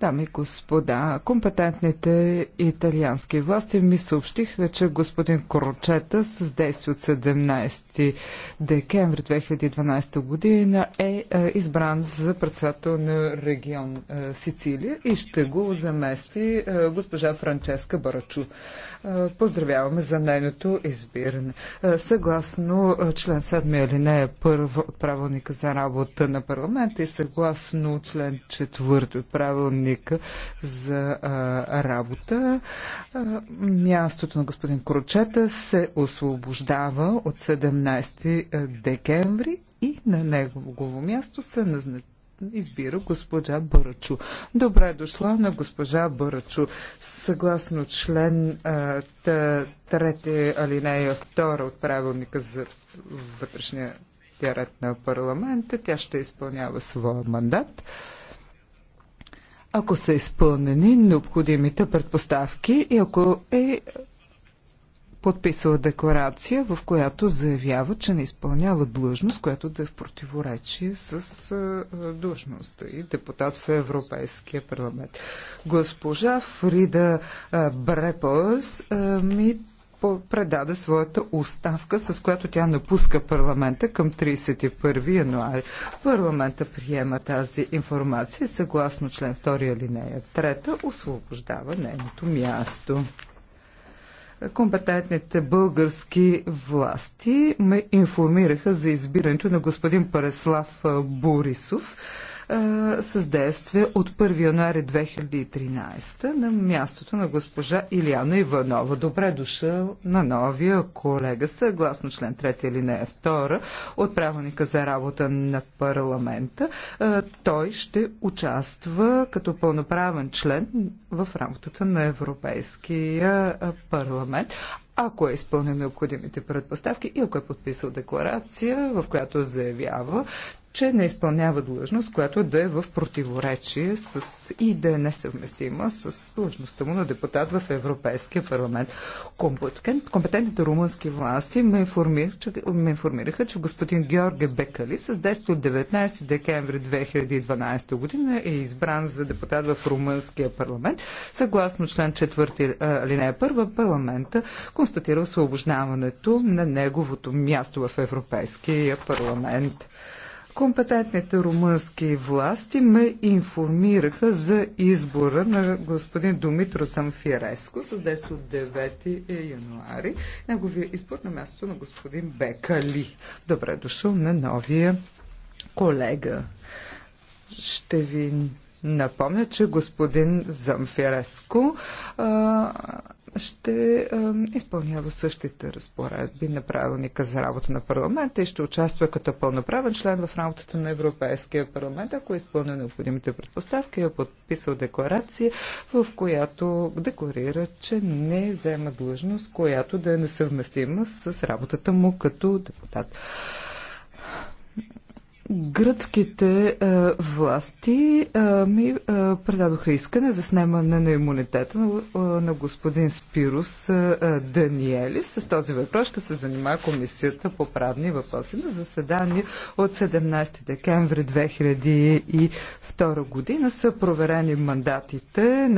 Дами и господа, компетентните италиански власти ми съобщиха, че господин Корочета с действие от 17 декември 2012 година е, е избран за председател на регион е, Сицилия и ще го замести е, госпожа Франческа Барачу. Поздравяваме за нейното избиране. Съгласно член 7 алинея 1 от правилника за работа на парламента и съгласно член 4 от правилника правилника за а, работа. А, мястото на господин корочета се освобождава от 17 декември и на негово място се назначава избира госпожа Бърчо. Добре дошла на госпожа Бърчо. Съгласно член трети алинея 2 от правилника за вътрешния ред на парламента, тя ще изпълнява своя мандат ако са изпълнени необходимите предпоставки и ако е подписала декларация, в която заявява, че не изпълнява длъжност, която да е в противоречие с длъжността и депутат в Европейския парламент. Госпожа Фрида Брепос ми предаде своята оставка, с която тя напуска парламента към 31 януари. Парламента приема тази информация съгласно член 2 алинея 3 освобождава нейното място. Компетентните български власти ме информираха за избирането на господин Пареслав Борисов с действие от 1 януари 2013 на мястото на госпожа Иляна Иванова. Добре дошъл на новия колега, съгласно член 3 или не 2 от правилника за работа на парламента. Той ще участва като пълноправен член в работата на Европейския парламент ако е изпълнен необходимите предпоставки и ако е подписал декларация, в която заявява, че не изпълнява длъжност, която да е в противоречие с и да е несъвместима с длъжността му на депутат в Европейския парламент. Компетентните румънски власти ме, информир, че, ме информираха, че господин Георге Бекали с действие от 19 декември 2012 година е избран за депутат в румънския парламент. Съгласно член 4 алинея 1 парламента констатира освобождаването на неговото място в Европейския парламент. Компетентните румънски власти ме информираха за избора на господин Думитро Самфиреско с действо от 9 януари. Неговия избор на мястото на господин Бекали. Добре е дошъл на новия колега. Ще ви напомня, че господин Замфиреско а, ще изпълнява същите разпоредби на правилника за работа на парламента и ще участва като пълноправен член в работата на Европейския парламент, ако е изпълня необходимите предпоставки, е подписал декларация, в която декларира, че не взема длъжност, която да е несъвместима с работата му като депутат. Гръцките а, е, власти а, е, ми а, е, предадоха искане за снемане на имунитета на, а, на господин Спирус а, а, Даниели. С този въпрос ще се занимава Комисията по правни въпроси на заседание от 17 декември 2002 година. Са проверени мандатите